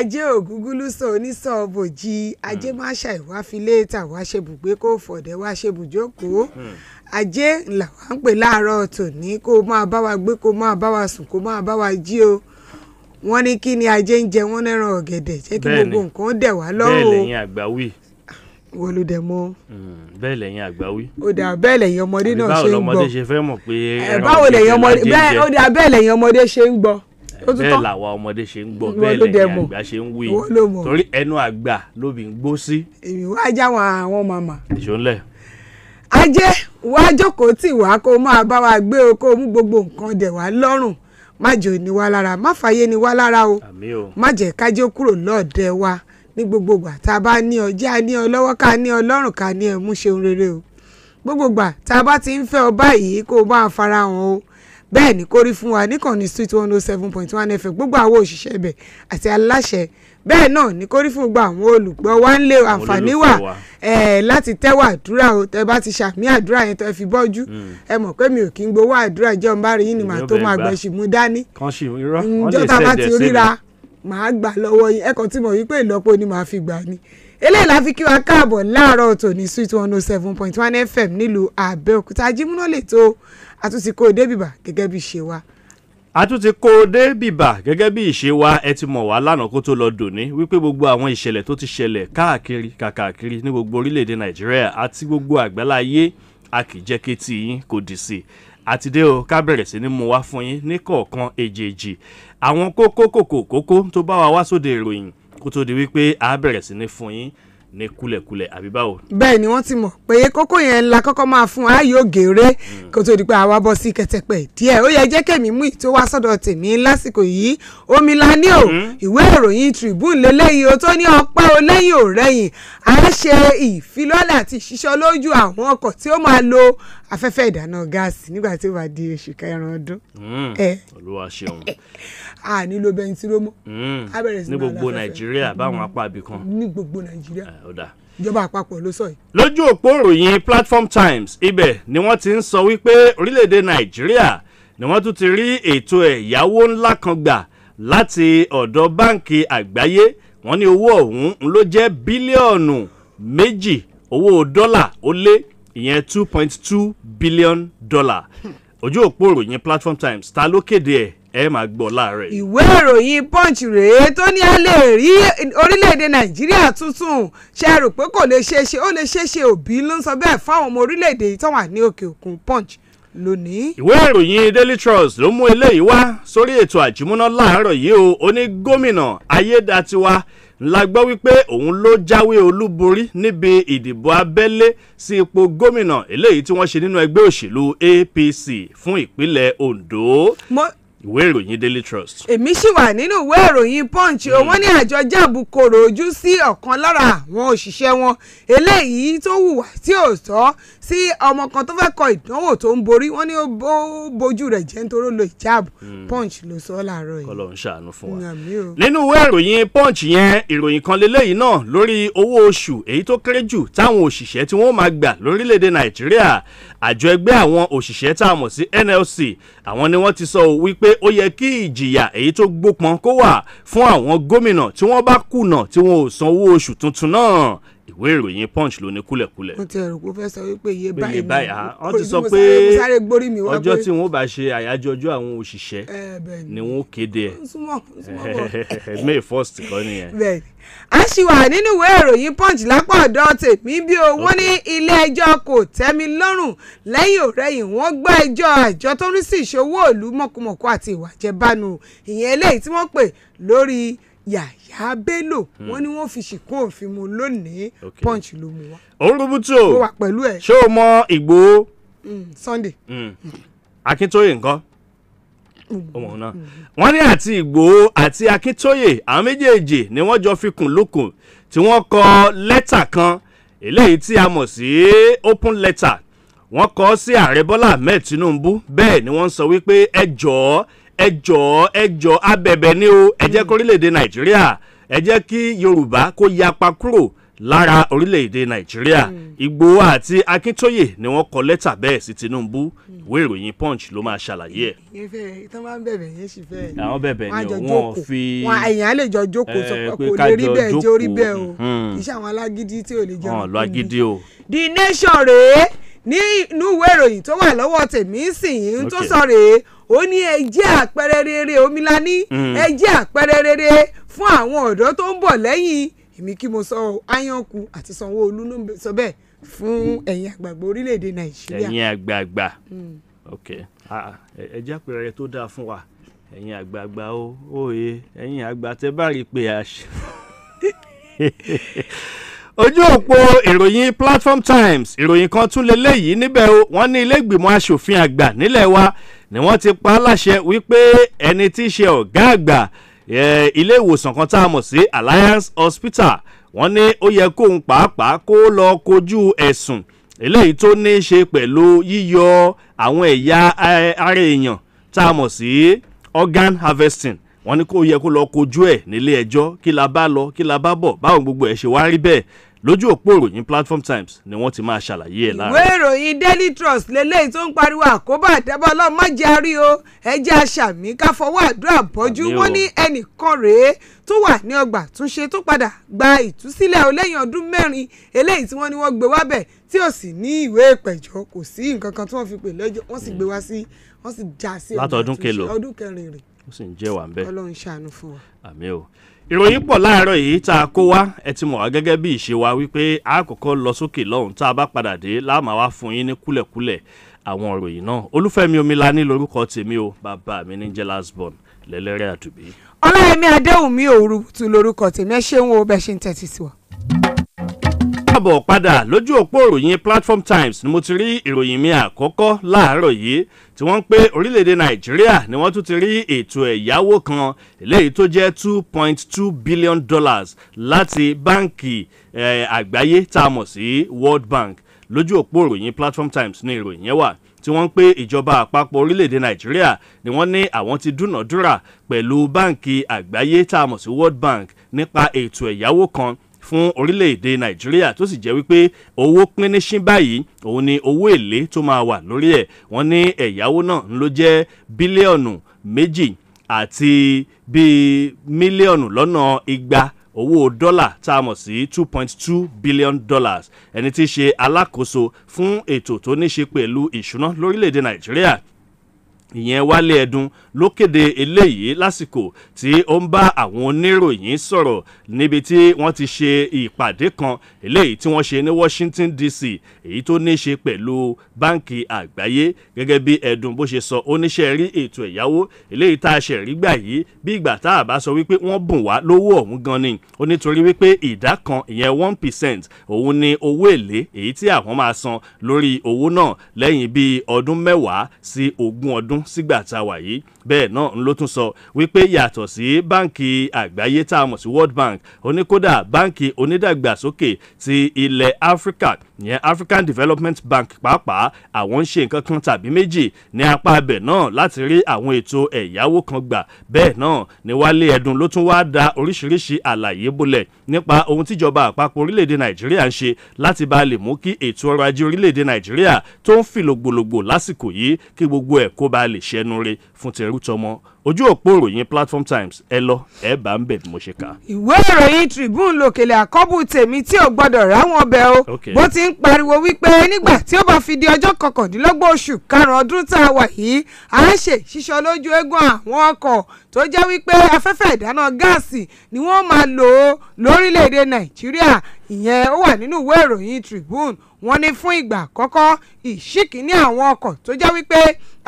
ajé ògúngúlùsọ onísọ̀bòjì ajé hmm. máṣà ìwáfilẹ́ta wá ṣebùgbé kó fọ̀dẹ̀ wá ṣebùjókòó hmm. ajé ńlá wa ń pè láàárọ̀ tòní kó máa bá wa gbé kó máa bá wa sùn kó máa bá wa jí o wọ́n ní kí ni ajé ń jẹ wọ́n lẹ́ran ọ̀gẹ̀dẹ̀ jẹ́ kí gbogbo nǹkan dẹ̀ wá lọ́rùn o bẹ́ẹ̀ lẹ́yìn àgbà wí. wọ́n ló dẹ̀ mọ́. Hmm, bẹ́ẹ̀ lẹ́yìn àgbà wí. ó dà bẹ́ẹ̀ lẹ́yìn ọmọdé náà ṣe ń gbọ́. báwo lọmọdé ṣe fẹ́ mọ̀ pé eh, ẹran ọ̀gẹ̀dẹ̀ jẹ́ ń jẹ. báwo lẹ́yìn ọmọdé ṣe ń gbọ́ bẹ́ẹ̀ làwa ọmọdé ṣe ń gbọ́ bẹ́ẹ̀ lẹ́yìn àgbà ṣe ń wí torí ẹnu àgbà lóbi ń gbó sí. èmi wá já wọn àwọn màmá. ìṣòlẹ̀. ajé wàá jókòó tì wá kó máa bá wa gbé o kó mú gbogbo nǹkan dẹ̀ wá lọ́rùn má jò wá lára má fàyè ní wá lára o má jẹ́ kájé kúrò lọ́ọ̀dẹ wa ní gbogbo ìgbà tá a bá ní ọjà ní ọlọ́wọ́ ká ní ọlọ́rùn ká ní ẹ̀mú ṣeun rere o gbogbo ìgbà tá a bá ti ń fẹ́ ọ báyìí kó o bá a farahàn o bẹ́ẹ̀ ni kórí fún wa níkànnì street one oh seven point one fm gbogbo àwọn òṣìṣẹ́ ibẹ̀ àti aláṣẹ bẹ́ẹ̀ náà ní kórí fún gbogbo àwọn olùgbọ́ wa ń lè àǹfààní wà láti tẹ́wọ́ àdúrà o tẹ́ bá ti ṣàmì àdúrà yẹn tẹ́ fi bọ́jú hmm. ẹ mọ̀ pé mi ò kí ń gbowó àdúrà jẹ́ ọ̀n bá yín ni màá tó máa gbẹ̀ṣì mú dání ǹjọ́ tá a bá ti ríra màá gbà lọ́wọ́ yín ẹ̀kọ́ tí mo wí pé ìlọ́po ni màá fi gbà ni eléyìí la fi kí wa káàbọ̀ láàárọ̀ tòní sweet one oh seven point one fm nílùú àbẹ́òkúta jímúná tó a tún ti kó o dé bìbà gẹ́gẹ́ bí ìṣe wa. a tún ti kó o dé bìbà gẹ́gẹ́ bí ìṣe wa ẹ ti mọ̀ wá lánàá kó tó lọ dòní wípé gbogbo àwọn ìṣẹ̀lẹ̀ tó ti ṣẹlẹ̀ káàkiri kàkàkiri ní gbogbo orílẹ̀-èdè nàìjíríà àti gbogbo àgbáláyé a kì í jẹ́ kí tí yín kò dì sí i àti dé o ká bẹ̀rẹ̀ sí ni mo wá fún yín ní kọ̀ọ̀kan èjèèjì àwọn kókó kòkó kókó tó bá wa wá sóde ìròyìn kó tó di wípé a bẹ̀rẹ̀ sí ni fún yín ní kúlẹ̀kúlẹ̀ àbí báwo. bẹ́ẹ̀ ni wọ́n ti mọ̀ pé kókó yẹn la kọ́kọ́ máa fún ayé ògèrè hmm. kó tó di pé àwa bọ́ sí kẹtẹpẹ díẹ̀ ó yẹ jẹ́ kẹ́mi mú ìtó wá sọ́dọ̀ tèmi lásìkò yìí omi la o hmm. ìwé ìròyìn Tribune lélẹ́yìn o tó ní ọpẹ́ o lẹ́yìn ò rẹ́yìn a ṣe ìfilọ́lẹ̀ àti ìṣiṣọ́ lójú àwọn ọkọ̀ tí ó máa lo afẹ́fẹ́ ìdáná gáàsì nígbà tí ó bá di oṣù kẹrin ọdún. Hmm, olúwa ṣeun. a nílò bẹntiró mọ́. Hmm, a bẹ̀rẹ̀ sí ní gbogbo nàìjíríà báwọn apá ibì kan. ní gbogbo nàìjíríà ìjọba àpapọ̀ ló sọ yìí. lójú òpó ìròyìn platform times ibẹ̀ ni wọ́n ti ń sọ wípé orílẹ̀-èdè nàìjíríà ni wọ́n tún ti rí ètò ẹ̀yáwó ńlá kan gbà láti ọ̀dọ̀ báǹkì àgbáyé wọ́n ní owó ọ̀hún ló jẹ́ bílíọ̀nù méjì owó dọ́là ó lé ìyẹn two point two billion dollar ojú òpó ìròyìn platform times ta ló kéde ẹ̀ ẹ máa gbọ́ láàárẹ̀. ìwé ìròyìn punch rèé tó ní a lè rí orílẹ̀-èdè nàìjíríà tuntun ṣe rò pé kò lè ṣeé ṣe ó lè ṣeé ṣe òbí ló ń sọ bẹ́ẹ̀ fáwọn ọmọ orílẹ̀-èdè yìí tó wà ní òkè òkun punch lónìí. ìwé ìròyìn Daily Trust ló mú eléyìí wá sórí ètò àjùmọ̀ná láàárọ̀ yìí o ó ní gómìnà ayédatiwa la gbọ́ wípé òun ló jáwé olúborí níbi ìdìbò abẹ́lé sí ipò gómìnà eléyìí tí wọ́n ṣe nínú ẹgbẹ́ òṣèlú APC fún ìpínlẹ̀ Ondo. mo ìwé ìròyìn daily trust. èmi sì wà nínú ìwé ìròyìn punch o hmm. wọ́n ní àjọ jáàbù kòrò ojú sí ọ̀kan lára àwọn òṣìṣẹ́ wọn eléyìí tó hùwà tí ò tọ́ sí ọmọ kan tó fẹ́ kọ ìdánwò tó ń borí wọ́n ní ó bójú rẹ̀ jẹ́ nítorí lo ìjáàbù hmm. punch ló sọ láàárọ̀ yìí. kọlọ ń ṣàánú fún wa nínú ìwé ìròyìn punch yẹn ìròyìn kan lélẹ́yìí náà lórí owó oṣù èyí tó kéré jù táwọn òṣìṣẹ́ tí wọ́n máa gbà lórílẹ̀‐èdè nàìjíríà àjọ ẹgbẹ́ àwọn òṣìṣẹ́ tá a mọ̀ sí NLC àwọn ni wọ́n ti sọ wípé wípé ó yẹ kí ìjìyà èyí tó gbópọn kó wà fún àwọn gómìnà tí wọ́n bá kùnà tí wọn ò sanwó oṣù tuntun náà ìwé ìròyìn punch ló ní kúlẹ̀kúlẹ̀. mo ti rò pé ó fẹ́ sọ wípé iye báyìí iye báyìí ha wọ́n ti sọ pé ọjọ́ tí wọ́n bá ṣe àyájọ́ ọjọ́ àwọn òṣìṣẹ́ ni wọ́n kéde ẹ̀ may first kọ́ nìyẹn. a ṣì wà nínú ìwé ìròyìn punch lápá ọ̀dọ́ tèmi bí o wọ́n ní ilé ẹjọ́ kò tẹ́mi lọ́rùn lẹ́yìn ọ̀rẹ́yìn wọ́n gbọ́ ẹjọ́ àjọ tó ń rí sí ìṣòwò òlu mọ̀kùmọ̀kù àti ìwà jẹ́bánu ìyẹn eléyìí tí wọ́n pè lórí yàyà yá bello hmm. wọn ni wọn fi ṣìkún òfin mu lónìí punch ló mu wá. òun rúbútù ṣé o mọ Ìgbòho. Hmm, Sunday. Hmm. Akíntóyè nǹkan ọmọ náà wọ́n ní àti Ìgbòho àti Akíntóyè àwọn méjèèjì ni wọ́n jọ fi kùn lókun tí wọ́n kọ lẹ́tà kan eléyìí tí a mọ̀ sí open letter wọ́n kọ sí ààrẹ Bọ́lá Ahmed Tinubu bẹ́ẹ̀ ni wọ́n sọ wípé ẹ jọ̀ọ́ ẹ jọ̀ọ́ ẹ jọ̀ọ́ abẹ̀bẹ̀ ni o ẹ jẹ́ kí orílẹ̀-èdè nàìjíríà ẹ jẹ́ kí yorùbá kó yapa kúrò lára orílẹ̀-èdè nàìjíríà hmm. ìgbòho àti akíntóyè ni wọ́n kọ lẹ́tà bẹ́ẹ̀ sí tinubu hmm. ìwé ìròyìn punch ló máa ṣàlàyé ẹ̀. ìfẹ́ ìtàn máa ń bẹ̀bẹ̀ yẹn àwọn bẹ̀bẹ̀ ni wọ́n fi. wọn èèyàn á lè jọ jókòó eh, sọ kò lè rí bẹ́ẹ̀ tí ó rí bẹ́ẹ̀ o iṣẹ́ hmm. àwọn alágídí tí ò lè jẹun. o. the nation rèé nínú ìwé ìròyìn tó wà lọ́wọ́ tèmi sìn tó sọ rèé ó ní ẹ jẹ́ àpẹẹrẹ rere omilani hmm. ẹ jẹ́ àpẹẹrẹ rere fún àwọn ọ̀dọ́ tó ń bọ̀ lẹ́yìn èmi kí mo sọ ayánkù àti sanwó-olú ló ń sọ bẹ́ẹ̀ fún ẹ̀yin àgbààgbà orílẹ̀-èdè nàìjíríà. ẹ̀yin àgbààgbà hmm. ok ah, ah, ẹ jẹ́ àpẹẹrẹ tó dáa fún wa ẹ̀yin àgbààgbà ó òye ẹ̀yin àgbà tẹ́ bá rí pé a ojú òpó ìròyìn platform times ìròyìn kan tún leléyìí níbẹ̀ o wọ́n ní ilé ìgbìmọ̀ asòfin àgbà nílẹ̀ wa ni wọ́n ti pa á láṣẹ wípé ẹni tí í ṣe ọ̀gá àgbà ilé ìwòsàn kan tá a mọ̀ sí Alliance Hospital wọ́n ní ó yẹ kóun pàápàá kó lọ kojú ẹ̀sùn eléyìí tó ní í ṣe pẹ̀lú yíyọ àwọn ẹ̀yà ara èèyàn tá a mọ̀ sí organ harvesting wọ́n ní kó yẹ kó lọ kojú ẹ̀ nílé ẹjọ́ kí la bá lọ kí la bá bọ̀ báwọn gbogbo ẹ̀ ṣe wá rí bẹ́ẹ̀ lójú òpó ìròyìn platform times ni wọ́n ti máa ṣàlàyé ẹ̀ láàárọ̀. ìwé ìròyìn daily trust leléyìí tó ń pariwo àkóbá àtẹ́bọ́ ọlọ́mọ jẹ́ àárí o ẹ̀jẹ̀ àṣàmì ká fọwọ́ àdúrà bọ́jú wọ́n ní ẹnìkan rèé tó wà ní ọgbà túnṣe tó padà gba ìtúsílẹ̀ o lẹ́yìn ọdún mẹ́rin eléyìí tí wọ́n ní wọ́n gbé wá bẹ̀ tí ò sì ní ìwé ìpẹ̀jọ́ kò sí nǹkan kan tí wọ́n fi pè lẹ́jọ́ wọ́n sì gbé wá sí wọ́n sì já sí ọdún kẹrin rè. ó sì ń jẹ́ wà ń bẹ́ẹ̀. ọlọ́run ṣàánú fún wa. àmín o ìròyìn pọ̀ láàárọ̀ yìí tá a kó wá ẹ ti mọ̀ wá gẹ́gẹ́ bí ìṣe wa wípé a kọ́kọ́ lọ sókè lọ́hùn tá a bá padà dé láàmà wá fún yín ní kúlẹ̀kúlẹ̀ àwọn ìròyìn náà olúfẹ́mi omilani lórúkọ tèmi o bàbá mi ní jẹ́ lasbon lẹ́lẹ́rẹ́ àdùbí. ọlọ́yẹmí adéhùnmí òwúrútù lórúkọ tèmi ẹ ṣeun o bẹ́ẹ̀ ṣe ń tẹ́tí sí wa káàbọ̀ padà lójú òpó ìròyìn Platform Times ni mo ti rí ìròyìn mi àkọ́kọ́ láàárọ̀ yìí tí wọ́n ń pé orílẹ̀-èdè Nàìjíríà ni wọ́n tún ti rí ètò ẹ̀yáwó kan eléyìí tó jẹ́ two point two billion dollars láti báǹkì àgbáyé tá a mọ̀ sí World Bank lójú òpó ìròyìn Platform Times ni ìròyìn yẹn wà tí wọ́n ń pé ìjọba àpapọ̀ orílẹ̀-èdè Nàìjíríà ni wọ́n ní àwọn ti dúnàádúrà pẹ̀lú báǹkì àgbáyé tá a mọ̀ sí World Bank nípa ètò ẹ̀yáwó kan fún orílẹ̀-èdè nàìjíríà tó sì jẹ́ wípé owó pín ní ṣín báyìí òun ni owó èlé tó máa wà lórí ẹ̀ wọ́n ní ẹ̀yáwó náà ló jẹ́ bílíọ̀nù méjì àti bíi mílíọ̀nù lọ́nà igba owó dọ́là tá a mọ̀ sí two point two billion dollars ẹni tí í ṣe alákòóso fún ètò tó ní ṣe pẹ̀lú ìṣúná lórílẹ̀‐èdè nàìjíríà ìyẹn wálé ẹ̀dùn ló kéde eléyìí lásìkò tí ó ń bá àwọn oníròyìn sọ̀rọ̀ níbi tí wọ́n ti ṣe ìpàdé kan eléyìí tí wọ́n ṣe ní Washington DC èyí tó ní í ṣe pẹ̀lú báǹkì àgbáyé gẹ́gẹ́ bí ẹ̀dùn bó ṣe sọ oníṣẹ́ rí ètò ẹ̀yáwó eléyìí tá a ṣe rí gbà yìí bí ìgbà tá a bá sọ wípé wọ́n bùn wá lówó ọ̀hún gan ni ó nítorí wípé ìdá kan ìyẹn one percent òun ni owó èlé èyí tí àwọn máa san lórí owó náà lẹ́yìn bíi ọdún mẹ́wàá sí ogún ọdún sígbà tá a wà yìí bẹ́ẹ̀ náà ló tún sọ wípé yàtọ̀ sí báǹkì àgbáyé tá a mọ̀ sí World Bank oníkódà báǹkì onídàgbàsókè ti ilẹ̀ Áfíríkà ìyẹn African Development Bank pàápàá àwọn ń ṣe nǹkan kan tàbí méjì ní apá abẹ náà láti rí àwọn ètò ẹ̀yáwó kan gbà bẹ́ẹ̀ náà ni Wálé Ẹ̀dùn ló tún wáá da oríṣiríṣi àlàyé bolẹ̀ nípa ohun tíjọba àpapọ̀ orílẹ̀-èdè Nàìjíríà ń ṣe láti bá a lè mú kí ètò ọrọ̀ ajé orílẹ̀-èdè Nàìjíríà tó ń fìlògbòlògbò lásìkò yìí kí gbogbo ẹ̀ kó ba lè ṣẹnu re fún tẹ̀rù tọmọ ojú òpó ìròyìn platform times ẹ lọ ẹ bá ń bẹ̀ bí mo ṣe kà. ìwé ìròyìn tribune lòkèlè àkọ́bù tèmi tí ò gbọ́dọ̀ ráwọn ọbẹ̀ o bó ti ń pariwo wípé nígbà tí ó bá fi di ọjọ́ kọkàndínlọ́gbọ̀n oṣù karùn-ún ọdún tá a wà yìí à ń ṣe ṣíṣọ lójú eégún àwọn ọkọ̀ tó jẹ́ wípé afẹ́fẹ́ ìdáná gáàsì ni wọ́n máa lò ó lórílẹ̀‐èdè nàìjíríà ìyẹn ó wà nínú ìwé ìròyìn Tribune wọ́n ní fún ìgbà àkọ́kọ́ ìṣíkíní àwọn ọkọ̀ tó jẹ́ wípé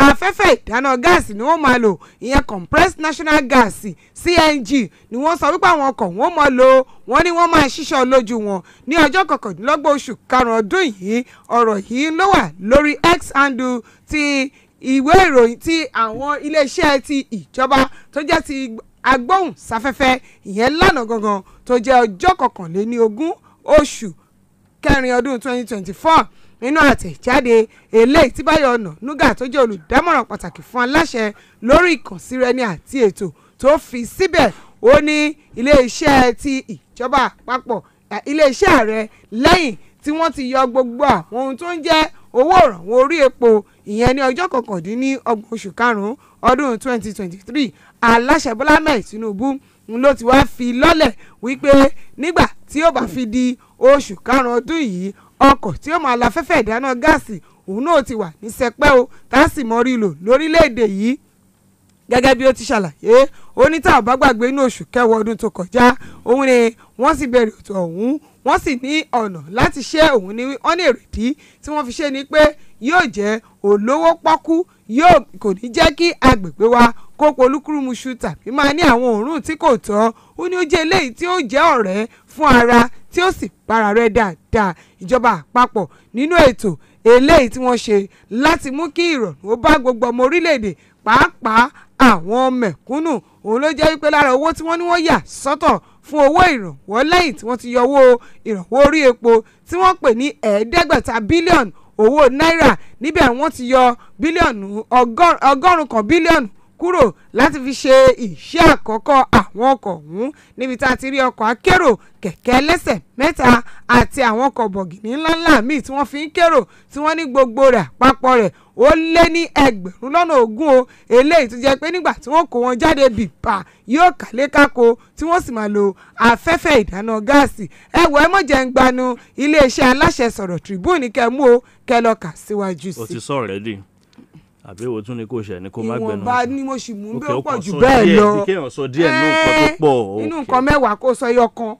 afẹ́fẹ́ ìdáná gáàsì ni wọ́n máa lò ìyẹn compressed national gas CNG ni wọ́n sọ wípé àwọn ọkọ̀ wọ́n máa lò wọ́n ní wọ́n máa ṣiṣẹ́ olójú wọn ní ọjọ́ kọkàndínlọ́gbọ̀n oṣù karùn-ún ọdún yìí ọ̀rọ̀ yìí ló wà lórí X handle ti ìwé ìròyìn ti àwọn iléeṣẹ́ ti ìjọba tó jẹ́ ti agbóhùnsáfẹ́fẹ́ ìyẹn lánàá gangan tó jẹ́ ọjọ́ kọkànléní ogún oṣù kẹrin ọdún 2024 nínú àtẹ̀jáde eléyìí tí Báyọ̀ Ọ̀nànúgà tó jẹ́ olùdámọ̀ràn pàtàkì fún aláṣẹ lórí ìkànsíréní àti ètò tó fi síbẹ̀ ó ní iléeṣẹ́ ti ìjọba àpapọ̀ iléeṣẹ́ ààrẹ lẹ́yìn tí wọ́n ti yọ gbogbo àwọn ohun tó ń jẹ́ owó ìrànwọ́ orí epo ìyẹn ní ọjọ́ kọkàndínní ọgbọ̀n oṣù karùn-ún ọdún 2023 aláṣẹ Bọ́lá mẹ́ẹ̀ Tinubu n ló ti wá fi lọ́lẹ̀ wípé nígbà tí ó bá fi di oṣù karùn-ún ọdún yìí ọkọ̀ tí ó máa la fẹ́fẹ́ ìdáná gáàsì òun náà ti wà ní sẹpẹ́ o tá a sì mọ rí lò lórílẹ̀‐èdè yìí gẹ́gẹ́ bí ó ti ṣàlàyé ó ní tá a gbàgbé inú oṣù kẹwàá ọdún tó kọjá òun ni wọ́n sì bẹ̀rẹ̀ ètò ọ̀hún wọ́n sì ní ọ̀nà láti ṣe òun ní wọ́n ní èrèdí tí wọ́n fi ṣe ni pé yóò jẹ́ olówó pọ́kú yóò kò ní jẹ́ kí agbègbè wa kópo olúkúrúmuṣu tàbí máa ní àwọn òórùn tí kò tọ́ ó ní ó jẹ́ eléyìí tí ó jẹ́ ọ̀rẹ́ fún ara tí ó sì para rẹ̀ dáadáa ìjọba àpapọ̀ nínú ètò eléyìí tí wọ́n ṣe láti mú kí ìrọ̀rùn ó bá gbogbo ọmọ orílẹ̀-èdè pàápàá àwọn mẹ̀kúnnù òun ló jẹ́ wípé lára owó tí wọ́n ní wọ́n yà sọ́tọ̀ fún owó ìrànwọ́ lẹ́yìn tí wọ́n ti yọ owó ìrànwọ́ orí epo tí wọ́n pè ní ẹ̀ẹ́dẹ́gbẹ̀ta bílíọ̀nù owó náírà níbẹ̀ wọ́n ti yọ bílíọ̀nù ọgọ́rùn-ún kan bílíọ̀nù kúrò láti fi ṣe iṣẹ́ àkọ́kọ́ àwọn ọkọ̀ ọ̀hún níbi tá a ti rí ọkọ̀ akérò kẹ̀kẹ́ ẹlẹ́sẹ̀ mẹ́ta àti àwọn ọkọ̀ bọ̀gìnì ńláńlá míì tí wọ́n fi ń kérò tí wọ́n ní gbogbo rẹ̀ àpapọ̀ rẹ̀ ó lé ní ẹgbẹ̀rún lọ́nà ogún o eléyìí tó jẹ́ pé nígbà tí wọ́n kó wọn jáde bìpà yóò kálé kákó tí wọ́n sì máa lo afẹ́fẹ́ ìdáná gáàsì ẹ wọ ẹ mọ̀ jẹ́ ń gbanu iléeṣẹ́ aláṣẹ sọ̀rọ̀ Tribune kẹ́ o kẹ́ síwájú sí. o ti sọ ọrẹ di àbí èwo tún ni kò ṣe ni kò má gbẹnu. ìwọ̀nba ni mo sì mú bẹ́ẹ̀ pọ̀ jù bẹ́ẹ̀ lọ. ok inú nǹkan mẹ́wàá kó sọ yọkan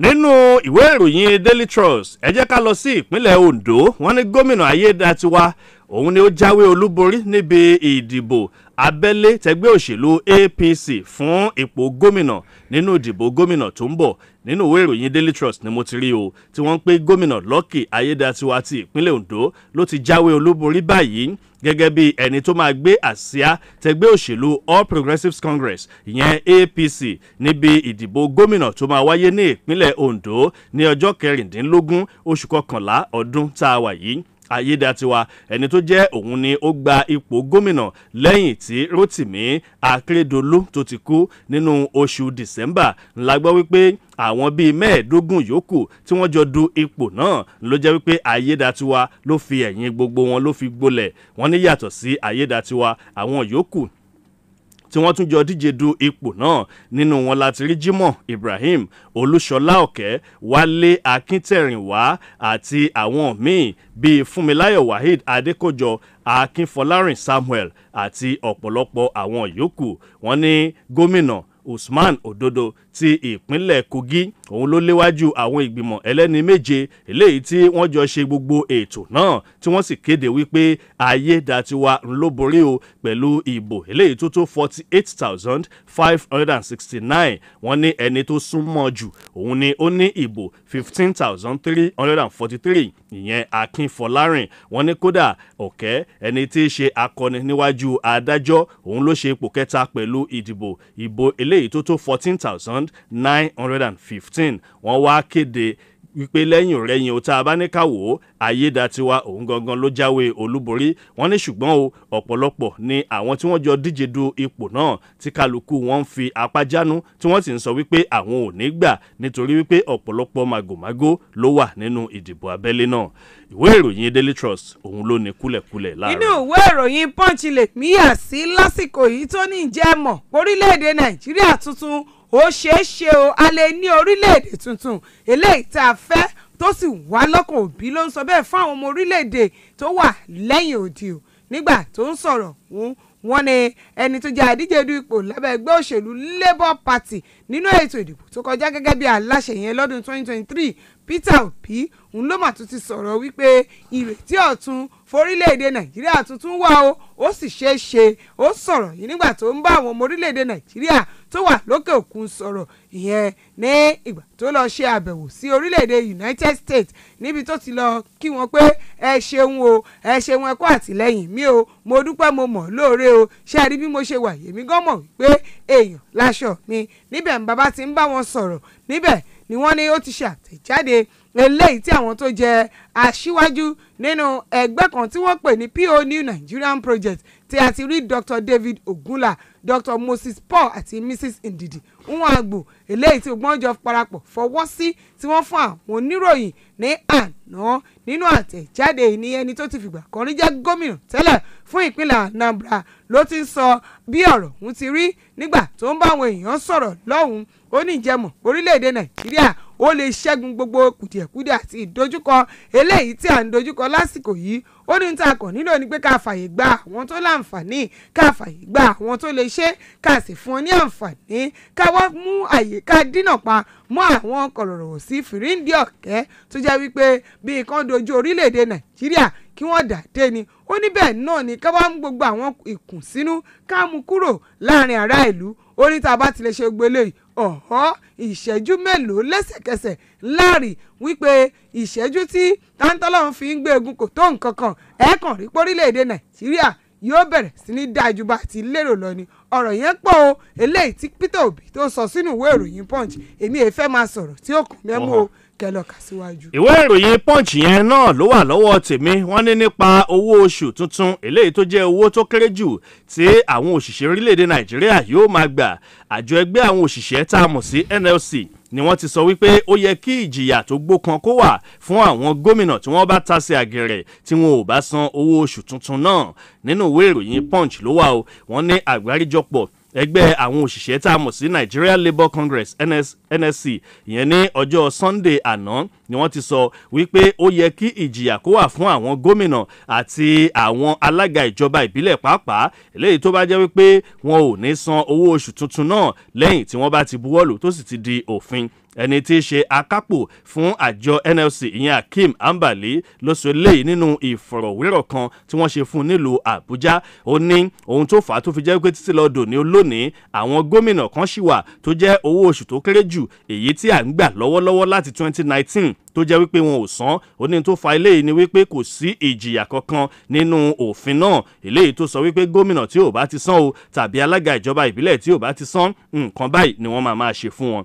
nínú ìwé ìròyìn daily trust ẹ jẹ́ ká lọ sí ìpínlẹ̀ ondo wọ́n ní gómìnà ayédatiwa òun ni ó jáwé olúborí níbi ìdìbò abẹ́lé tẹgbẹ́ òṣèlú apc fún ipò gómìnà nínú ìdìbò gómìnà tó ń bọ̀ nínú ìwé ìròyìn daily trust ni mo ti rí o tí wọ́n ń pè gómìnà lucky ayédatiwa ti ìpínlẹ̀ ondo ló ti jáwé olúborí báyìí gẹ́gẹ́ bí ẹni tó máa gbé àsíá tẹgbẹ́ òṣèlú All Progressives Congress ìyẹn APC níbi ìdìbò gómìnà tó máa wáyé ní ìpínlẹ̀ Ondo ní ọjọ́ kẹrìndínlógún oṣù kọkànlá ọdún tá a wà yìí ayédatiwa ẹni tó jẹ́ òun ni ó gba ipò gómìnà lẹ́yìn tí rotimi akérèdọ́lù tó ti kú nínú oṣù december ńlá gbọ́ wípé àwọn bíi mẹ́ẹ̀ẹ́dógún yòókù tí wọ́n jọ du ipò náà ló jẹ́ wípé ayédatiwa ló fi ẹ̀yìn gbogbo wọn ló fi gbolẹ̀ wọ́n ní yàtọ̀ sí ayédatiwa àwọn yòókù tí wọ́n tún jọ díje du ipò náà nínú wọn láti rí Jimoh Ibrahim Olúṣọlá Ọ̀kẹ́ Wálé Akíntẹ̀rìnwá àti àwọn míì bíi Fúnmiláyọ̀ Waheed Adékọjọ Akínfọlárìn Samuel àti ọ̀pọ̀lọpọ̀ àwọn yòókù wọ́n ní gómìnà Usman Ododo ti ìpínlẹ̀ Kogi òun ló léwájú àwọn ìgbìmọ̀ ẹlẹ́ni méje eléyìí tí wọ́n jọ ṣe gbogbo ètò náà tí wọ́n sì kéde wípé Ayédàtiwa ló borí o pẹ̀lú ìbò eléyìí tó tó forty eight thousand five hundred and sixty nine wọ́n ní ẹni tó súnmọ́ jù òun ni ó ní ìbò fifteen thousand three hundred and forty three ìyẹn Akin Fọlárìn wọ́n ní kódà Ọ̀kẹ́ ẹni tí í ṣe akọni níwájú adájọ́ òun ló ṣe ipò kẹta pẹ̀lú ìdìbò ìbò eléyìí tó tó fourteen thousand thousand nine hundred and fifteen wọ́n wá kéde wípé lẹ́yìn rẹ̀yìn o tá a bá ní ká wò ó ayédatiwa òun gangan ló jáwé olúborí wọn ní ṣùgbọ́n o ọ̀pọ̀lọpọ̀ ni àwọn tí wọ́n jọ díje du ipò náà tí kálukú wọn ń fi apá jánu tí wọ́n sì ń sọ wípé àwọn ò ní gbà nítorí wípé ọ̀pọ̀lọpọ̀ màgòmágó ló wà nínú ìdìbò abẹ́lé náà ìwé ìròyìn daily trust òun ló ní kúlẹ̀kúlẹ̀ láàárọ̀. inú ìwé ìròyìn punch lè pínyà sí lásìkò yìí tó ní ìjẹ́mọ̀ orílẹ̀-èdè nàìjíríà tuntun ó ṣeé ṣe o a lè ní orílẹ̀-èdè tuntun eléyìí tá a fẹ́ tó sì wá lọ́kàn òbí ló ń sọ bẹ́ẹ̀ fún àwọn ọmọ orílẹ̀-èdè tó wà lẹ́yìn òdì o nígbà tó ń sọ̀rọ̀ òun wọ́n ní ẹni tó jẹ́ àdíje du ipò lábẹ́ ẹgbẹ́ òṣèlú Labour Party nínú ètò ìdìbò tó kọjá gẹ́gẹ́ bí aláṣẹ yẹn lọ́dún 2023 Peter Obi òun ló mà tún ti sọ̀rọ̀ wípé ìrètí ọ̀tun forílẹ̀-èdè Nàìjíríà tuntun wà o ó sì ṣeé ṣe ó sọ̀rọ̀ yìí nígbà tó ń bá àwọn ọmọ orílẹ̀-èdè Nàìjíríà tó wà lókè òkun sọ̀rọ̀ ìyẹn ní ìgbà tó lọ ṣe àbẹ̀wò sí orílẹ̀-èdè United States níbi tó ti lọ kí wọn pé ẹ ṣeun o ẹ ṣeun ẹ kú àtìlẹ́yìn mi o mo dúpẹ́ mo mọ̀ lóore o ṣé a rí bí mo ṣe wà yèmí gan mọ̀ wípé èèyàn láṣọ mi níbẹ̀ ń bàbá ti ń bá wọn sọ̀rọ̀ níbẹ̀ ni wọ́n ní ó ti ṣe àtẹ̀jáde eléyìí tí àwọn tó jẹ́ aṣíwájú nínú ẹgbẹ́ kan tí wọ́n pè ní PO New Nigerian Project tí a ti rí Dr. David Ogunla dr moses paul àti mrs ndidi nwagbo eléyìí tí gbọ́n jọ parapọ̀ fọwọ́ sí tí wọ́n fún àwọn oníròyìn ní àná nínú àtẹ̀jáde ní ẹni tó ti fìgbà kan rí jẹ́ gómìnà tẹ́lẹ̀ fún ìpínlẹ̀ anambra ló ti ń sọ bí ọ̀rọ̀ òun ti rí nígbà tó ń bá àwọn èèyàn sọ̀rọ̀ lọ́hùn-ún ó ní ìjẹmọ̀ orílẹ̀-èdè nàìjíríà ó lè ṣẹ́gun gbogbo kùdìẹ̀kudiẹ àti ìdojúkọ eléyìí tí à ń dojúkọ lásìkò yìí ó ní ń ta kàn nílò ni pé ká fàyè gba àwọn tó láǹfààní ká fàyè gba àwọn tó lè iṣẹ́ ká sì fún ọ ní àǹfààní ká wá mú àyíká dínà pa mọ́ àwọn kọ̀rọ̀rọ̀ sí fìríǹdì ọ̀kẹ́ tó jẹ́ wípé bíi kan dojú orílẹ̀-èdè nàìjíríà kí wọ́n dà dé ni ó ní bẹ́ẹ̀ náà ni ká wá mú gbogbo àwọn ìkùnsínú ká mú kúrò láàrin ará ìlú ó ní tá a bá ti lè ṣe gbogbo eléyìí ọ̀họ́ ìṣẹ́jú mélòó lẹ́sẹ̀kẹsẹ̀ láàrin wípé ìṣẹ́jú tí táńtọ́lọ́run fi ń gbé egun kò tó nǹkan kan ẹ̀ẹ́kàn rí pórílẹ̀-èdè nàìjíríà yóò bẹ̀rẹ̀ sí ní dájú bá ti lérò lọ ni ọ̀rọ̀ yẹn pọ̀ o eléyìí tí Peter Obi tó sọ sínú ìwé ìròyìn Punch èmi èé fẹ́ máa sọ̀rọ̀ tí ó kún mẹ́mú o kẹlọ kà síwájú. ìwé ìròyìn punch yẹn náà ló wà lọ́wọ́ tèmi wọ́n ní nípa owó oṣù tuntun eléyìí tó jẹ́ owó tó kéré jù tí àwọn òṣìṣẹ́ orílẹ̀-èdè nàìjíríà yóò máa gbà àjọ ẹgbẹ́ àwọn òṣìṣẹ́ tá a mọ̀ sí NLC ni wọ́n ti sọ wípé ó yẹ kí ìjìyà tó gbókan kó wà fún àwọn gómìnà tí wọ́n bá tasẹ̀ àgẹ̀rẹ̀ tí wọn ò bá san owó oṣù tuntun náà nínú ìwé ìròyìn punch ló wà o wọ́n ní àgbáríjọpọ̀ ẹgbẹ́ àwọn òṣìṣẹ́ tá a mọ̀ sí Nigeria Labour Congress NS, NSC ìyẹn ní ọjọ́ Sunday àná ni wọ́n ti sọ wípé ó yẹ kí ìjìyà kó wà fún àwọn gómìnà àti àwọn alága ìjọba ìbílẹ̀ pàápàá eléyìí tó bá jẹ́ wípé wọn ò ní san owó oṣù tuntun náà lẹ́yìn tí wọ́n bá ti buwọ́lù tó sì ti di òfin ẹni tí í ṣe akápò fún àjọ NLC ìyẹn Akeem Ambali ló sọ léyìí nínú ìfọ̀rọ̀wérọ̀ kan tí wọ́n ṣe fún un nílùú Àbújá ó ní ohun tó fà á tó fi jẹ́ pé títí lọ́dọ̀ ní olónìí àwọn gómìnà kan ṣì wà tó jẹ́ owó oṣù tó kéré jù èyí tí à ń gbà lọ́wọ́lọ́wọ́ láti 2019 tó jẹ́ wípé wọn ò san ó ní tó fa eléyìí ni wípé kò sí ìjìyà kankan nínú òfin náà eléyìí tó sọ wípé gómìnà tí ò bá ti san o tàbí alága ìjọba ìbílẹ̀ tí ò bá ti san nǹkan báyìí ni wọ́n máa máa ṣe fún wọn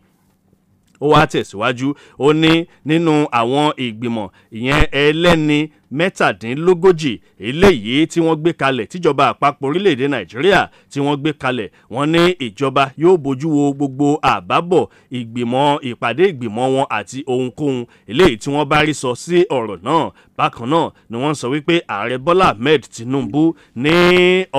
ó wá tẹ̀síwájú ó ní nínú àwọn ìgbìmọ̀ ìyẹn ẹlẹ́ni mẹ́tàdínlógójì eléyìí tí wọ́n gbé kalẹ̀ tíjọba àpapọ̀ orílẹ̀-èdè nàìjíríà tí wọ́n gbé kalẹ̀ wọ́n ní ìjọba yóò bójú wo gbogbo àbábọ̀ ìgbìmọ̀ ìpàdé ìgbìmọ̀ wọn àti ohunkóhun eléyìí tí wọ́n bá rí sọ sí ọ̀rọ̀ náà bákan náà ni wọ́n sọ wípé ààrẹ bọ́lá ahmed tinubu ní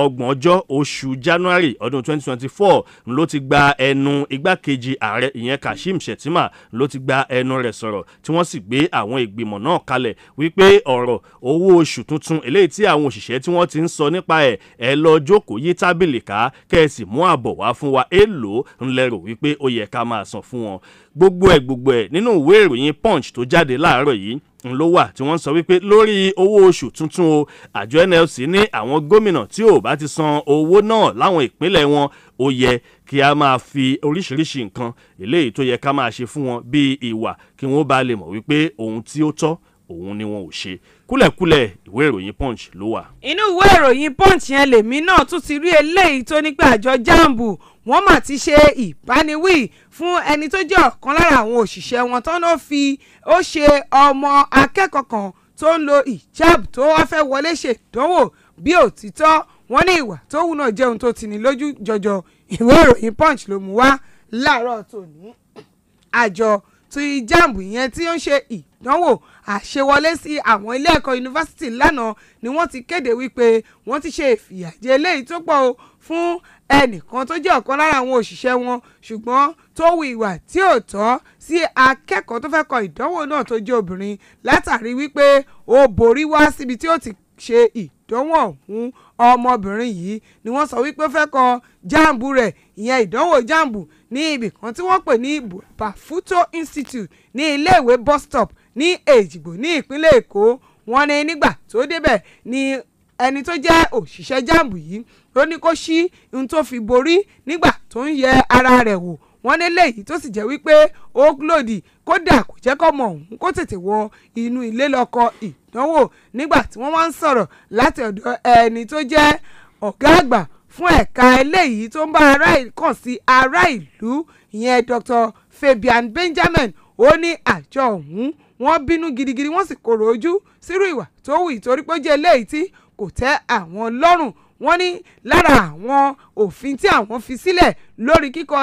ọgbọ̀n ọjọ́ oṣù january ọdún 2024 ló ti gba ẹnu igbákejì ààrẹ ìyẹn kashim shettima ló ti gba ẹnu rẹ̀ sọ̀rọ̀ tí wọ́n sì gbé àwọn ìgbìmọ̀ náà kalẹ̀ wípé ọ̀rọ̀ ọ̀rọ̀ owó oṣù tuntun eléyìí tí àwọn òṣìṣẹ́ tí wọ́n ti ń sọ nípa ẹ̀ ẹ lọ jókòó yí tábìlì ká kẹ́ ẹ sì mú àbọ̀ wá fún wa èèlò ńlẹ́rò wípé ó yẹ ká máa san fún wọn gbogbo ẹ̀ gbogbo ẹ̀ nínú ìwé ìròyìn punch tó jáde láàárọ̀ yìí ló wà tí wọ́n sọ wípé lórí owó oṣù tuntun o àjọ NLC ní àwọn gómìnà tí ò bá ti san owó náà láwọn ìpínlẹ̀ wọn ó yẹ kí a máa fi oríṣiríṣi nǹkan eléyìí tó yẹ ká máa ṣe fún wọn bíi ìwà kí wọ́n bá lè mọ̀ wípé ohun tí ó tọ́ òun ni wọn ò ṣe kúlẹ̀kúlẹ̀ ìwé ìròyìn punch ló wà. inú ìwé ìròyìn punch yẹn lèmi náà tún ti rí eléyìí tó ní pé àjọ jambu wọ́n mà ti ṣe ìbániwí fún ẹni tó jẹ́ ọ̀kan lára àwọn òṣìṣẹ́ wọn tán ló fi ó ṣe ọmọ akẹ́kọ̀ọ́ kan tó ń lo hijab tó wá fẹ́ wọlé ṣèdánwò bí òtítọ́ wọ́n ní ìwà tó wù náà jẹun tó ti ní lójú jọjọ ìwé ìròyìn punch ló mú wá láàárọ̀ tòní àjọ tí jambu yẹn tí ó ń ṣe ìdánwò àṣewọlé sí àwọn ilé ẹ̀kọ́ yunifásitì lánàá ni wọ́n ti kéde wípé wọ́n ti ṣe ìfìyàjẹ eléyìí tó pọ̀ o fún ẹnìkan tó jẹ́ ọ̀kan lára àwọn òṣìṣẹ́ wọn ṣùgbọ́n tó wu ìwà tí ò tọ́ sí akẹ́kọ̀ọ́ tó fẹ́ kọ ìdánwò náà tó jẹ́ obìnrin látàrí wípé ó borí wá síbi tí ó ti ṣe ìdánwò ọ̀hún ọmọbìnrin yìí ni wọ́n sọ wípé ó fẹ́ kọ jáàmbù rẹ̀ ìyẹn ìdánwò jáàmbù ní ibì kan tí wọ́n pè ní Bafuto Institute ní iléèwé bus stop ní èjìgbò ní ìpínlẹ̀ èkó wọ́n ní nígbà tó débẹ̀ ni ẹni tó jẹ́ òṣìṣẹ́ jambu yìí ló ní kó ṣí ohun tó fi borí nígbà tó ń yẹ ara rẹ̀ wò wọ́n ní léyìí tó sì jẹ́ wípé ó lòdì kódà kò jẹ́ kọ́mọ òun kó tètè wọ inú ilé lọ́kọ ìdánwò nígbà tí wọ́n wá ń sọ̀rọ̀ láti ọ̀dọ̀ ẹni tó jẹ́ ọ̀gá àgbà fún ẹ̀ka eléyìí tó ń bá ará kàn sí ará ìlú ìyẹn Dr. Fabian Benjamin ó ní àjọ ọ̀hún wọ́n bínú gidigidi wọ́n sì kòrò ojú sírú ìwà tó wù ìtorí pé ó jẹ́ eléyìí tí kò tẹ́ àwọn lọ́rùn wọ́n ní lára àwọn òfin tí àwọn fi sílẹ̀ lórí kíkọ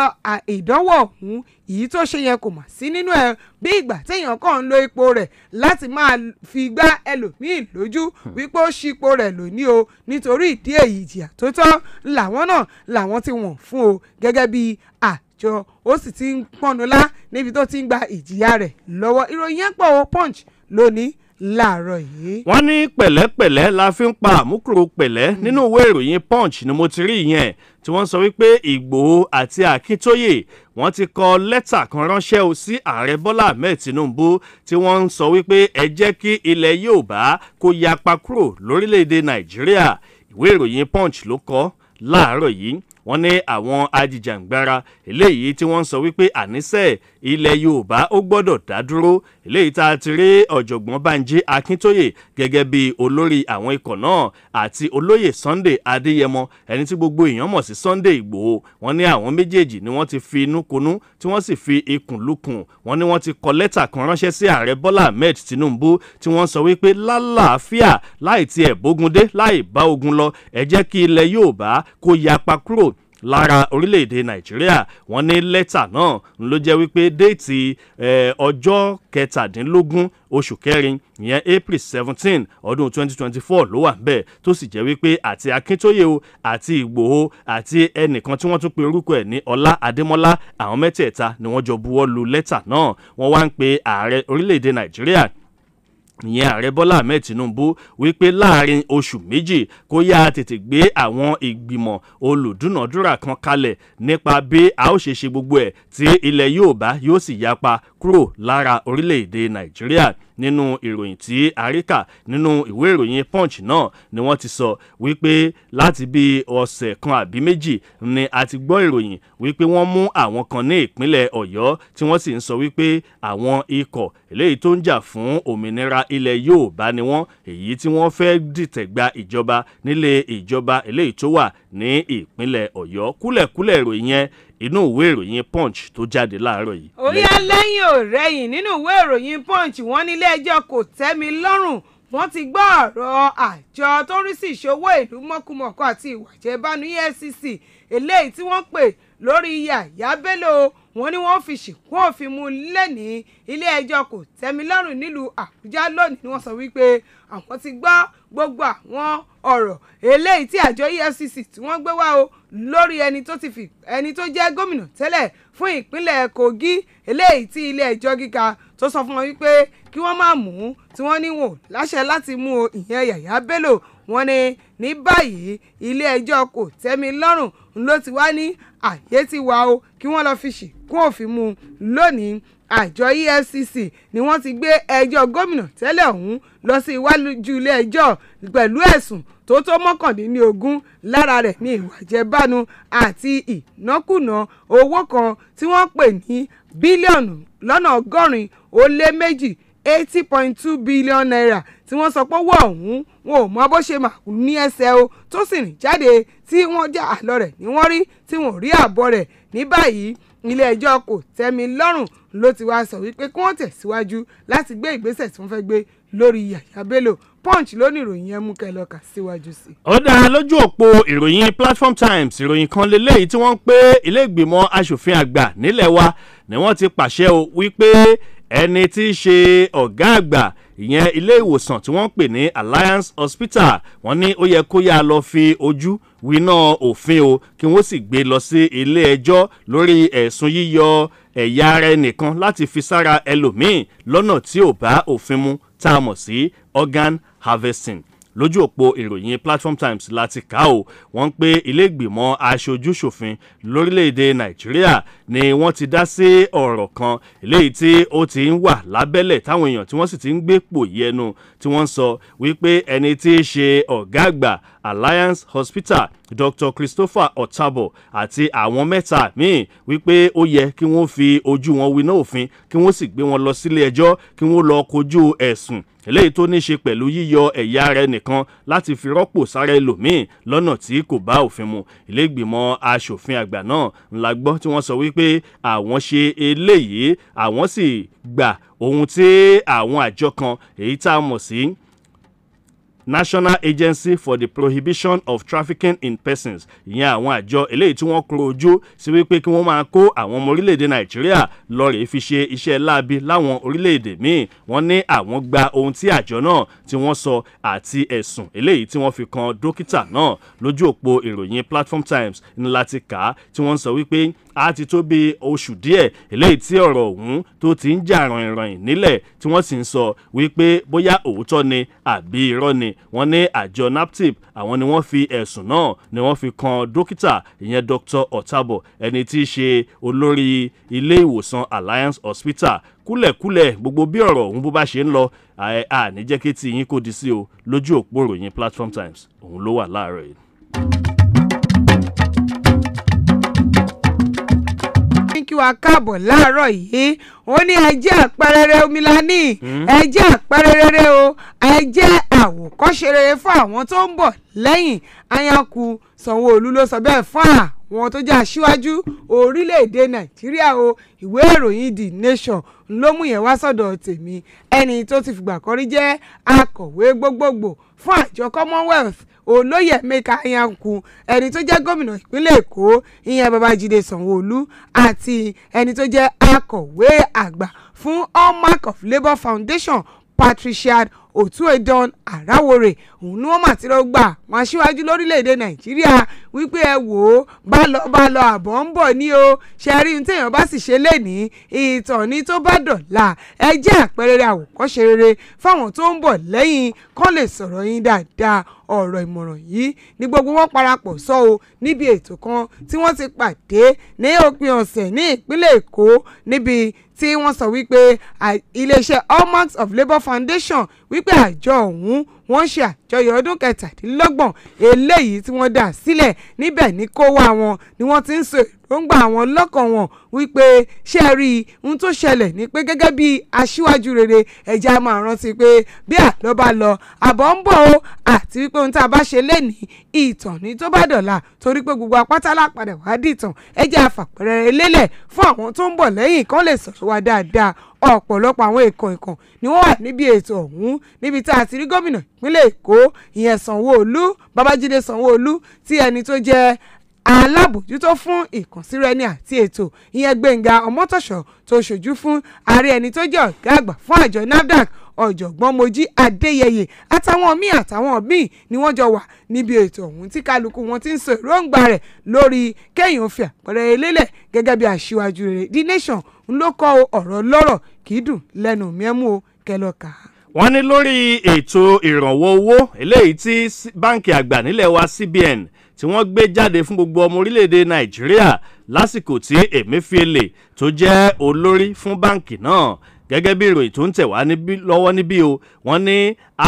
ìdánwò ọ̀hún yìí tó ṣe yẹn kò mà sí nínú ẹ̀ bí ìgbà téèyàn kàn ń lo ipò rẹ̀ láti máa fi gbá ẹlòmíì lójú wípé ó ṣi ipò rẹ̀ lónìí o nítorí ìdí èyí ìjìyà tó tọ́ làwọn náà làwọn tí wọ́n fún o gẹ́gẹ́ bí à jọ ó sì ti ń pọnulá níbi tó ti ń gba ìjìyà rẹ̀ lọ́wọ́ ìròyìn yẹn pọ̀ o punch lónìí láàárọ̀ yìí. wọ́n ní pẹ̀lẹ́pẹ̀lẹ́ la fi ń pa àmúkúrò pẹ̀lẹ́ hmm. nínú ìwé ìròyìn punch ni mo ti rí yẹn tí wọ́n sọ wípé ìgbòho àti akíntóyè wọ́n ti kọ lẹ́tà kan ránṣẹ́ o sí ààrẹ bọ́lá ahmed tinubu tí wọ́n ń sọ wípé ẹ jẹ́ kí ilẹ̀ yorùbá kó yapa kúrò lórílẹ̀‐èdè nàìjíríà ìwé ìròyìn punch ló kọ láàárọ̀ yìí wọ́n ní àwọn ajìjàǹgbara eléyìí tí wọ́n ń sọ wípé àníṣe ilẹ̀ yorùbá ó gbọ́dọ̀ dá dúró eléyìí tá a ti rí ọ̀jọ̀gbọ́n banji akíntóyè gẹ́gẹ́ bí olórí àwọn ikọ̀ náà àti olóyè sunday adéyẹmọ ẹni tí gbogbo èèyàn mọ̀ sí sunday ìgbòho wọn ní àwọn méjèèjì ni wọ́n ti fi inú konú tí wọ́n sì fi ikùn lukùn wọn ni wọ́n ti kọ lẹ́tà kan ránṣẹ́ sí ààrẹ bọ́lá ahmed tinubu tí wọ́n sọ wípé lálàáfíà láì tiẹ̀ bógun dé láì bá ogun lọ ẹ jẹ́ kí ilẹ̀ yorùbá kó yapa kúrò lára orílẹ̀-èdè nàìjíríà wọ́n ní lẹ́tà náà ló jẹ́ wípé déètì ọjọ́ kẹtàdínlógún oṣù kẹrin ìyẹn april seventeen ọdún twenty twenty four ló wà bẹ́ẹ̀ tó sì jẹ́ wípé àti akíntóye o àti ìgbòho àti ẹnìkan tí wọ́n tún pe orúkọ ẹ̀ ní ọlá adémọ́lá àwọn mẹ́tẹ̀ẹ̀ta ni wọ́n jọ buwọ́ lu lẹ́tà náà wọ́n wá ń pe ààrẹ orílẹ̀-èdè nàìjíríà ìyẹn ààrẹ bọ́lá ahmed tinubu wípé láàrin oṣù méjì kó yá tètè gbé àwọn ìgbìmọ̀ olùdúnàdúrà kan kalẹ̀ nípa bí a ó ṣe ṣe gbogbo ẹ̀ tí ilẹ̀ yorùbá yóò sì yapa kúrò lára orílẹ̀-èdè nàìjíríà nínú ìròyìn tí àríkà nínú ìwé ìròyìn punch náà ni wọ́n ti sọ wípé láti bí ọ̀sẹ̀ kan àbí méjì ni a ti gbọ́ ìròyìn wípé wọ́n mú àwọn kan ní ìpínlẹ̀ ọ̀yọ́ tí wọ́n sì ń sọ wípé àwọn ikọ̀ eléyìí tó ń jà fún òmìnira ilẹ̀ yorùbá ni wọ́n èyí tí wọ́n fẹ́ dìtẹ̀ gba ìjọba nílé ìjọba eléyìí tó wà ní ìpínlẹ̀ ọ̀yọ́ kúlẹ̀kúlẹ̀ ìròyìn yẹn inú ìwé ìròyìn punch tó jáde láàárọ̀ yìí. ó yá lẹ́yìn ọ̀rẹ́yìn nínú ìwé ìròyìn punch wọ́n ní ilé ẹjọ́ kò tẹ́ mi lọ́rùn wọ́n ti gbọ́ ọ̀rọ̀ àjọ tó ń rí sí ìṣòwò ìlú mọ́kùmọ̀kọ́ àti ìwà ìjẹ́bánu EFCC eléyìí tí wọ́n pè lórí Yahaya Bello wọ́n ní wọ́n fi sìnkú òfin mú lẹ́ni ilé ẹjọ́ kò tẹ́milọ́rùn nílùú àbújá lónìí ni wọ́n sọ wípé àwọn ti gbọ́ gbogbo àwọn ọ̀rọ̀ eléyìí tí àjọ EFCC tí wọ́n gbé wá o lórí ẹni tó ti fi ẹni tó jẹ́ gómìnà tẹ́lẹ̀ fún ìpínlẹ̀ kogi eléyìí tí ilé ẹjọ́ gíga tó sọ fún wọn wípé kí wọ́n má mú tí wọ́n ní wọn láṣẹ láti mú o ìyẹn yàyà bello wọ́n ni ní báyìí ilé ẹjọ́ kò tẹ́mi lọ́rùn ló ti wá ní àyè ti wà o kí wọ́n lọ fi ṣì kún òfin mu lónìí àjọ EFCC ni wọ́n ti gbé ẹjọ́ gómìnà tẹ́lẹ̀ ọ̀hún lọ sí iwájú ilé ẹjọ́ pẹ̀lú ẹ̀sùn tó tó mọ́kàndínlógún lára rẹ̀ ní ìwà jẹbánu àti ìnákùná owó kan tí wọ́n pè ní bílíọ̀nù lọ́nà ọgọ́rin ó lé méjì eighty point two billion naira tí wọ́n sọ pé owó ọ̀hún wọn ò mọ bó ṣe mà ní ẹsẹ̀ o tó sì rìn jáde tí wọ́n já àlọ́ rẹ̀ ni wọ́n rí tí wọ́n rí àbọ̀ rẹ̀ ní báyìí ilé ẹjọ́ kò tẹ́mi lọ́rùn ló ti wá sọ wípé kí wọ́n tẹ̀síwájú láti gbé ìgbésẹ̀ tí wọ́n fẹ́ gbé lórí Yàyà Bello punch lónìí ìròyìn yẹn mú kẹlọkà síwájú sí. ó dá lójú òpó ìròyìn Platform Times ìròyìn kan lélẹ́yìí tí wọ́n ń pè ilé ìgbìmọ̀ asòfin àgbà nílẹ̀ wa ni wọ́n ti pàṣẹ o wípé ẹni tí í ṣe ọ̀gá àgbà ìyẹn ilé ìwòsàn tí wọ́n ń pè ní Alliance Hospital wọ́n ní ó yẹ kó yá lọ fi ojú winá òfin o kí wọ́n sì gbé e lọ sí ilé ẹjọ́ lórí ẹ̀sùn yíyọ ẹ̀yà ara ẹnìkan láti fi sára ẹlòmíín lọ́nà tí ò bá òfin mu tá a mọ̀ sí organ harvesting lójú òpó ìròyìn Platform Times láti kà ó wọ́n pé iléègbìmọ̀ aṣojúṣòfin lórílẹ̀‐èdè Nàìjíríà ni wọ́n ti dá sí ọ̀rọ̀ kan eléyìí tí ó ti ń wà lábẹ́lẹ̀ táwọn èèyàn tí wọ́n sì ti ń gbé pò yẹnu tí wọ́n sọ wípé ẹni tí í ṣe ọ̀gá àgbà Alliance Hospital Dr. Christopher Otabo àti àwọn mẹ́ta míì wípé ó yẹ kí wọ́n fi ojú wọn winá òfin kí wọ́n sì gbé wọn lọ sílé ẹjọ́ kí wọ́n lọ kojú ẹ̀sùn eléyìí tó ní ṣe pẹ̀lú yíyọ ẹ̀yà ara ẹnìkan láti fi rọ́pò sára ẹlòmíì lọ́nà tí kò bá òfin mu ilégbìmọ̀ asòfin àgbà náà ńlá gbọ́ tí wọ́n sọ wípé àwọn ṣe eléyìí àwọn sì gbà ohun tí àwọn àjọ kan èyí tá a mọ̀ sí national agency for the prohibition of trafficking in persons ìyẹn àwọn àjọ eléyìí tí wọ́n kúrò ojú sí wípé kí wọ́n máa kó àwọn ọmọ orílẹ̀-èdè nàìjíríà lọ́ọ̀rẹ́ fi ṣe iṣẹ́ láabi láwọn orílẹ̀-èdè míì wọ́n ní àwọn gba ohun tí àjọ náà tí wọ́n sọ àti ẹ̀sùn eléyìí tí wọ́n fi kan dókítà náà lójú òpó ìròyìn platform times ńlá ti kà á tí wọ́n ń sọ wípé á ti tó bí oṣù díẹ̀ eléyìí tí ọ̀rọ̀ ọ̀hún tó ti ń jà ràìnràìn nílẹ̀ tí wọ́n sì ń sọ wípé bóyá òótọ́ ni àbí irọ́ ni wọ́n ní àjọ naptip àwọn ni wọ́n fi ẹ̀sùn náà ni wọ́n fi kan dókítà ìyẹn Dr. Otabo. ẹni tí í ṣe olórí ilé ìwòsàn Alliance Hospital kúlẹ̀kúlẹ̀ gbogbo bí ọ̀rọ̀ ọ̀hún bó bá ṣe ń lọ àní jẹ́ kí tí yín kò di sí o lójú òpó ìròyìn Platform Times òun ló wà láàárọ̀ yìí. kí wa káàbọ̀ láàárọ̀ yìí ó ní ẹ jẹ́ àpẹrẹrẹ omi la hmm? ẹ jẹ́ àpẹrẹrẹ o ẹ jẹ́ àwòkọ́ṣe rere fún àwọn tó ń bọ̀ lẹ́yìn Anyaoku Sanwó-Olú ló sọ bẹ́ẹ̀ fún àwọn tó jẹ́ aṣíwájú orílẹ̀-èdè Nàìjíríà o ìwé ìròyìn The Nation ló mú yẹn wá sọ́dọ̀ tèmi ẹni tó ti fìgbà kan rí jẹ́ akọ̀wé gbogbogbò fún àjọ Commonwealth olóyè Emeka Anyaoku ẹni tó jẹ́ gómìnà ìpínlẹ̀ Èkó ìyẹn Babájídé Sanwó-Olú àti ẹni tó jẹ́ akọ̀wé àgbà fún Hallmark of Labour Foundation Patricia Otuedon Arawore òun ni wọ́n mà ti rọ́gbà wọn aṣíwájú lórílẹ̀‐èdè Nàìjíríà wípé ẹ wò ó bá lọ bá lọ àbọ̀ ń bọ̀ ní o ṣe rí ní téèyàn bá sì ṣe lénìí ìtàn ni tó bá dọ̀la ẹ jẹ́ àpẹẹrẹ àwòkọ́ṣe rere fáwọn tó ń bọ̀ lẹ́yìn kán lè sọ̀rọ̀ yín dáadáa ọ̀rọ̀ ìmọ̀ràn yìí ní gbogbo wọn parapọ̀ sọ o níbi ètò kan tí wọ́n ti pàdé ní òpin ọ̀sẹ̀ ní ìpínlẹ̀ Èkó níbi tí wọ́n sọ wípé iléeṣẹ́ hallmarks of labour foundation wípé àjọ ọ̀hún wọ́n ń ṣe àjọyọ̀ ọdún kẹtàdínlọ́gbọ̀n eléyìí tí wọ́n dá sílẹ̀ níbẹ̀ ní kówó àwọn ni wọ́n ti ń sọ èròǹgbà àwọn lọ́kàn wọn wípé ṣé ẹ rí i ohun tó ṣẹlẹ̀ ni pé gẹ́gẹ́ bí aṣíwájú rere ẹ̀jẹ̀ a máa rántí pé bí àlọ́ bá lọ àbọ̀ ń bọ̀ o àti wípé ohun tá a bá ṣe lénìí ìtàn ni tó bá dọ̀la torí pé gbogbo apátálá padà wá dìtàn ẹ̀jẹ̀ àfàpẹ̀rẹ̀ lélẹ̀ fún àwọn tó ń bọ̀ lẹ́yìn kan lè sọ̀rọ̀ wá dáadáa ọ̀pọ̀lọpọ̀ àwọn èèkàn èèkàn ni wọ́n wà níbi ètò ọ̀hún níbi tá a ti rí gómìnà ìpínlẹ̀ Èkó ìyẹn Sanwó-Olú Babájídé Sanwó-Olú tí ẹni tó jẹ́ alábòjútó fún ìkànsíraẹni àti ètò ìyẹn gbẹ̀ngà ọmọ́tòṣọ̀ tó ṣojú fún ààrẹ ẹni tó jẹ́ ọ̀gá àgbà fún àjọ nafdac ọ̀jọ̀gbọ́n mojí adéyẹyẹ àtàwọn míì àtàwọn míì ni wọ́n jọ wà níbi ètò ọ̀hún tí kálukú wọn ti ń sọ èròǹgbà rẹ̀ lórí kẹ́yìn òfin àpẹẹrẹ elélẹ̀ gẹ́gẹ́ bí aṣíwájú rẹ̀ the nation ló kọ ọ̀rọ̀ lọ́rọ̀ kì í dùn lẹ́nu mẹ́mú o kẹlọ́ka wọ́n ní lórí ètò ìrànwọ́ owó eléyìí tí báǹkì àgbà nílẹ̀ wa CBN tí wọ́n gbé jáde fún gbogbo ọmọ orílẹ̀-èdè nàìjíríà lásìkò tí emefiele tó jẹ́ olórí fún báǹkì náà gẹ́gẹ́ bí ìròyìn tó ń tẹ̀ wá lọ́wọ́ níbí o wọ́n ní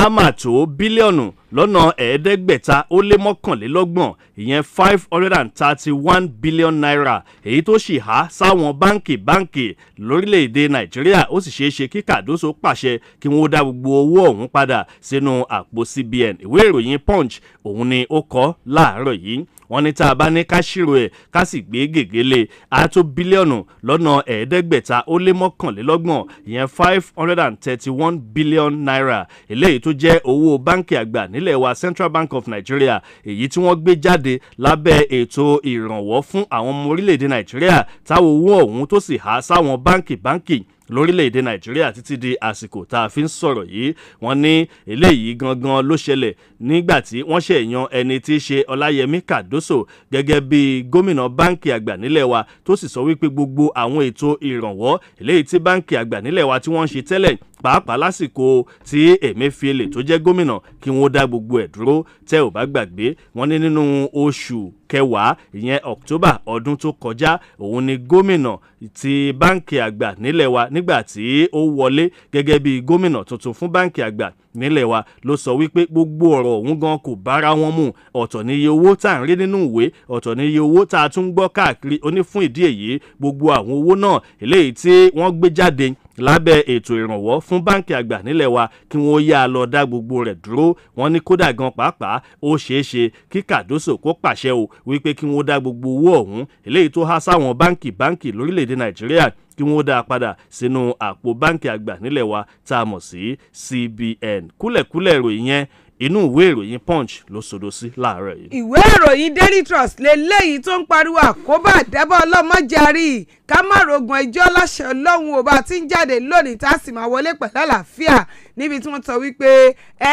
àmà tó bílíọ̀nù lọ́nà ẹ̀ẹ́dẹ́gbẹ̀ta ó lé mọ́kànlélọ́gbọ̀n ìyẹn five hundred and thirty one billion naira èyí tó sì há sáwọn báǹkì báǹkì lórílẹ̀‐èdè nàìjíríà ó sì ṣeé ṣe kí kàdóso pàṣẹ kí wọ́n dá gbogbo owó ọ̀hún padà sínú àpò cbn ìwé ìròyìn punch òun ni ó kọ láàárọ̀ yìí wọ́n ní tá a bá ní ká ṣírò ẹ̀ ká sì gbé gègé lé a tó bílíọ̀nù lọ́nà ẹ̀ẹ́dẹ́gbẹ̀ta ó lé mọ́kànlélọ́gbọ̀n ìyẹn five hundred and thirty one billion naira eléyìí tó jẹ́ owó báńkì àgbà nílẹ̀ wa Central Bank of Nigeria èyí tí wọ́n gbé jáde lábẹ́ ètò ìrànwọ́ fún àwọn ọmọ orílẹ̀-èdè Nàìjíríà táwọn owó ọ̀hún tó sì há sáwọn báńkì báńkì lórílẹ̀‐èdè nàìjíríà títí di àsìkò tá a fi ń sọ̀rọ̀ yìí wọ́n ní eléyìí gangan ló ṣẹlẹ̀ nígbà tí wọ́n ṣe yan ẹni tí í ṣe ọláyẹmí kàdóso gẹ́gẹ́ bí gómìnà báǹkì àgbà nílẹ̀ wa tó sì sọ wípé gbogbo àwọn ètò ìrànwọ́ eléyìí tí báǹkì àgbà nílẹ̀ wa tí wọ́n ń ṣe tẹ́lẹ̀ pàápàá lásìkò tí emefiele tó jẹ́ gómìnà kí wọ́n dá gbogbo ẹ̀ dúró tẹ́ ò bá gbàgbé wọ́n ní nínú oṣù kẹwàá ìyẹn October ọdún tó kọjá òun ni gómìnà ti báǹkì àgbà nílẹ̀ wa nígbà tí ó wọlé gẹ́gẹ́ bí gómìnà tuntun fún báǹkì àgbà nílẹ̀ wa ló sọ wípé gbogbo ọ̀rọ̀ ọ̀hún gan kò bára wọn mu ọ̀tọ̀ ní iye owó tá à ń rí nínú ìwé ọ̀tọ̀ ní iye owó tá a tún gbọ́ káàkiri ó fún ìdí èyí gbogbo àwọn owó náà eléyìí tí wọ́n gbé jáde lábẹ́ ètò ìrànwọ́ fún báǹkì àgbà nílẹ̀ wa kí wọ́n yá a lọ dá gbogbo rẹ̀ dúró wọ́n ní kódà gan pàápàá ó ṣeé ṣe kí Cardoso kó pàṣẹ o wípé kí wọ́n dá gbogbo owó ọ̀hún eléyìí tó há sáwọn báǹkì báǹkì lórílẹ̀‐èdè Nàìjíríà kí wọ́n dá a padà sínú àpò báǹkì àgbà nílẹ̀ wa tá a mọ̀ sí CBN kúlẹ̀kúlẹ̀ ìròyìn yẹn inú ìwé ìròyìn punch ló sọdọ sí láàárọ̀ yìí. ìwé ìròyìn daily trust lélẹ́yìí tó ń pariwo àkóbá àdábọ̀ ọlọ́mọ jarí ká má rogun ẹjọ́ láṣẹ ọlọ́run ò bá ti ń jáde lónìí tá a sì máa wọlé pẹ̀lú àlàáfíà níbi tí wọ́n sọ wípé